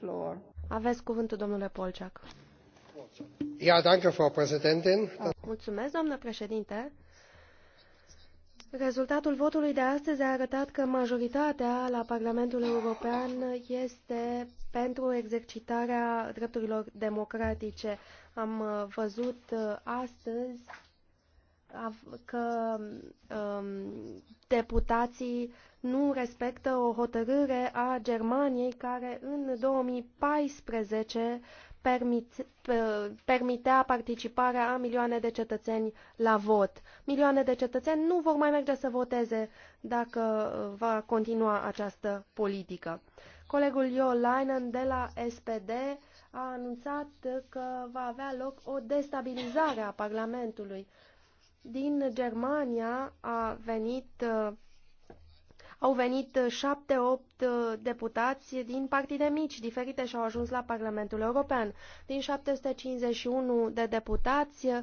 floor. Aveți cuvântul, domnule Polciac. Ja, danke, Frau Präsidentin. Mulțumesc, doamnă președinte. Rezultatul votului de astăzi a arătat că majoritatea la Parlamentul European este pentru exercitarea drepturilor democratice. Am văzut astăzi că um, deputații nu respectă o hotărâre a Germaniei care în 2014 permit, permitea participarea a milioane de cetățeni la vot. Milioane de cetățeni nu vor mai merge să voteze dacă uh, va continua această politică. Colegul Jo Leinen de la SPD a anunțat că va avea loc o destabilizare a Parlamentului. Din Germania a venit uh, au venit uh, șapte-opt uh, deputați din partide mici, diferite și au ajuns la Parlamentul European. Din 751 de deputați, uh,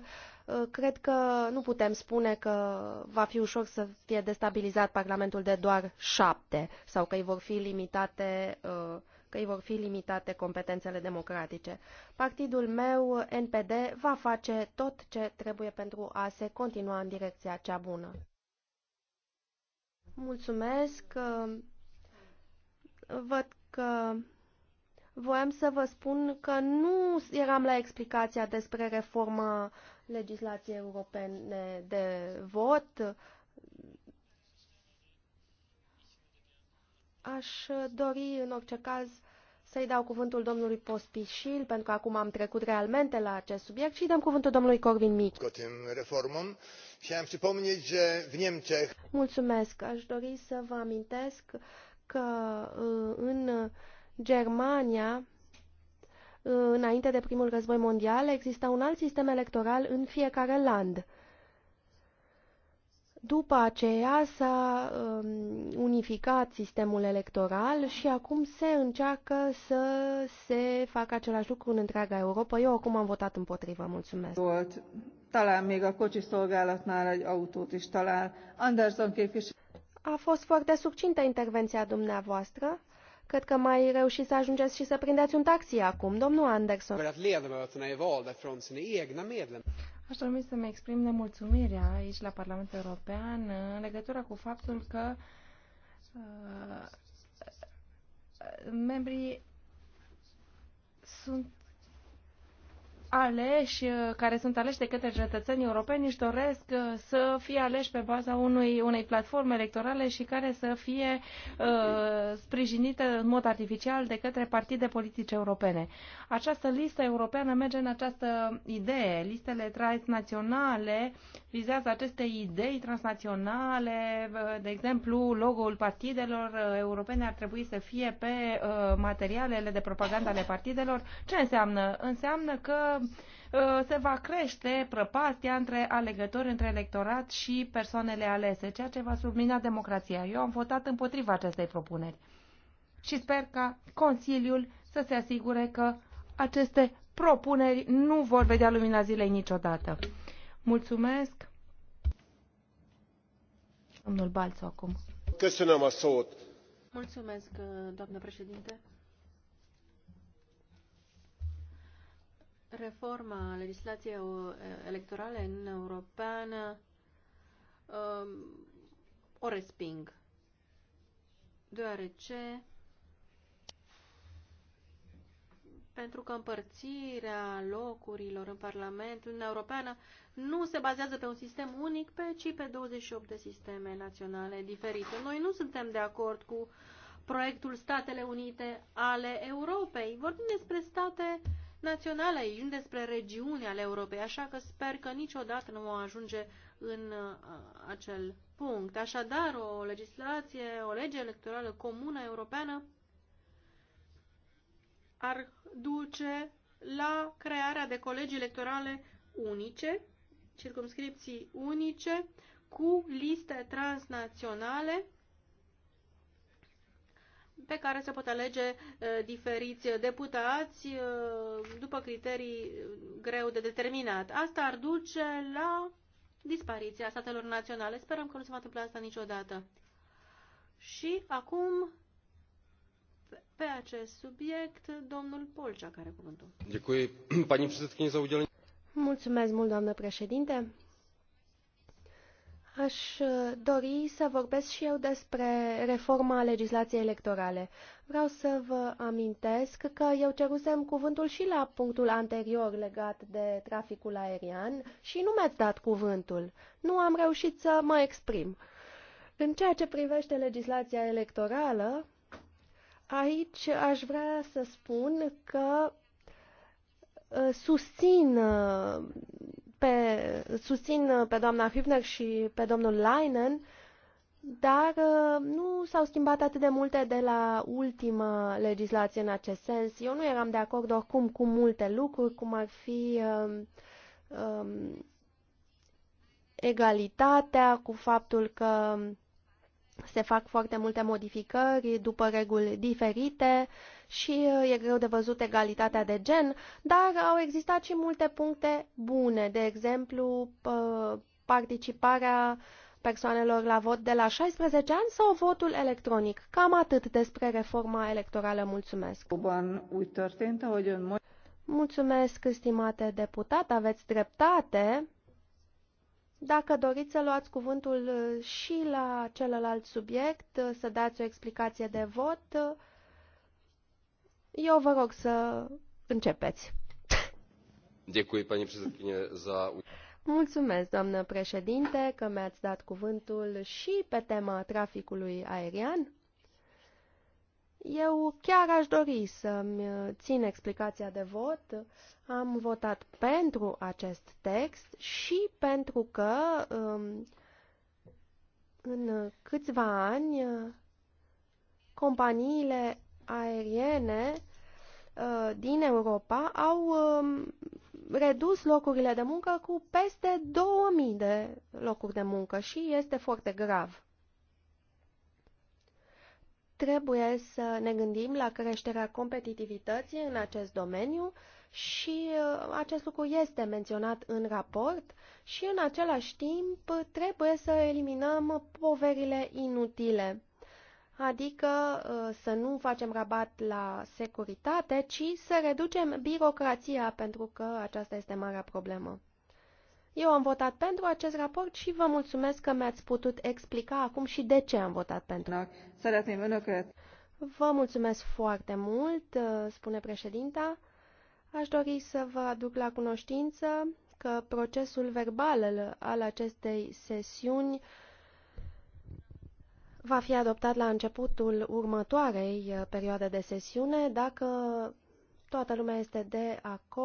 cred că nu putem spune că va fi ușor să fie destabilizat Parlamentul de doar șapte sau că îi vor fi limitate că îi vor fi limitate competențele democratice. Partidul meu, NPD, va face tot ce trebuie pentru a se continua în direcția cea bună. Mulțumesc. Ehm, văd că voiam să vă spun că nu eram la explicația despre reforma legislației europene de vot. Aș dori, în orice caz, să-i dau cuvântul domnului Pospișil, pentru că acum am trecut realmente la acest subiect și dăm cuvântul domnului Corvin Mici. Mulțumesc. Aș dori să vă amintesc că uh, în Germania, uh, înainte de primul război mondial, exista un alt sistem electoral în fiecare land. După aceea s-a um, unificat sistemul electoral și acum se încearcă să se facă același lucru în întreaga Europa. Eu acum am votat împotriva. Mulțumesc. Volt. Talán még a kocsi szolgálatnál egy autót is talál. Anderson képviselő. A fost foarte succintă intervenția dumneavoastră. Cred că mai reușiți să ajungeți și să prindeți un taxi acum, domnul Anderson. Aș dori să-mi exprim nemulțumirea aici la Parlamentul European în legătură cu faptul că uh, membrii sunt aleși, care sunt aleși de către cetățenii europeni, își doresc uh, să fie aleși pe baza unui, unei platforme electorale și care să fie uh, sprijinite în mod artificial de către partide politice europene. Această listă europeană merge în această idee. Listele transnaționale vizează aceste idei transnaționale, uh, de exemplu, logo-ul partidelor uh, europene ar trebui să fie pe uh, materialele de propagandă ale partidelor. Ce înseamnă? Înseamnă că Uh, se va crește prăpastia între alegători, între electorat și persoanele alese, ceea ce va submina democrația. Eu am votat împotriva acestei propuneri și sper ca Consiliul să se asigure că aceste propuneri nu vor vedea lumina zilei niciodată. Mulțumesc! Domnul Balțu acum. Mulțumesc, doamnă președinte. reforma legislației electorale în europeană um, o resping, deoarece pentru că împărțirea locurilor în Parlament, în Europeană, nu se bazează pe un sistem unic, ci pe 28 de sisteme naționale diferite. Noi nu suntem de acord cu proiectul Statele Unite ale Europei. Vorbim despre state uh, naționale, aici, despre regiuni ale Europei, așa că sper că niciodată nu o ajunge în uh, acel punct. Așadar, o legislație, o lege electorală comună europeană ar duce la crearea de colegii electorale unice, circumscripții unice, cu liste transnaționale pe care se pot alege uh, diferiți deputați uh, după criterii greu de determinat. Asta ar duce la dispariția statelor naționale. Sperăm că nu se va întâmpla asta niciodată. Și acum, pe acest subiect, domnul Polcea care cuvântul. Mulțumesc mult, doamnă președinte. Aș uh, dori să vorbesc și eu despre reforma legislației electorale. Vreau să vă amintesc că eu cerusem cuvântul și la punctul anterior legat de traficul aerian și nu mi-ați dat cuvântul. Nu am reușit să mă exprim. În ceea ce privește legislația electorală, aici aș vrea să spun că uh, susțin uh, pe, susțin uh, pe doamna Hübner și pe domnul Leinen, dar uh, nu s-au schimbat atât de multe de la ultima legislație în acest sens. Eu nu eram de acord oricum cu multe lucruri, cum ar fi um, um, egalitatea, cu faptul că se fac foarte multe modificări după reguli diferite și uh, e greu de văzut egalitatea de gen, dar au existat și multe puncte bune, de exemplu uh, participarea persoanelor la vot de la 16 ani sau votul electronic. Cam atât despre reforma electorală. Mulțumesc! Mulțumesc, stimate deputate, aveți dreptate. Dacă doriți să luați cuvântul uh, și la celălalt subiect, uh, să dați o explicație de vot, uh, eu vă rog să începeți. Mulțumesc, doamnă președinte, că mi-ați dat cuvântul și pe tema traficului aerian. Eu chiar aș dori să-mi uh, țin explicația de vot. Am votat pentru acest text și pentru că um, în câțiva ani uh, companiile aeriene uh, din Europa au um, redus locurile de muncă cu peste 2000 de locuri de muncă și este foarte grav. Trebuie să ne gândim la creșterea competitivității în acest domeniu și uh, acest lucru este menționat în raport și în același timp trebuie să eliminăm poverile inutile, adică uh, să nu facem rabat la securitate, ci să reducem birocrația, pentru că aceasta este marea problemă. Eu am votat pentru acest raport și vă mulțumesc că mi-ați putut explica acum și de ce am votat pentru. Vă mulțumesc foarte mult, uh, spune președinta. Aș dori să vă aduc la cunoștință că procesul verbal al acestei sesiuni va fi adoptat la începutul următoarei uh, perioade de sesiune, dacă toată lumea este de acord.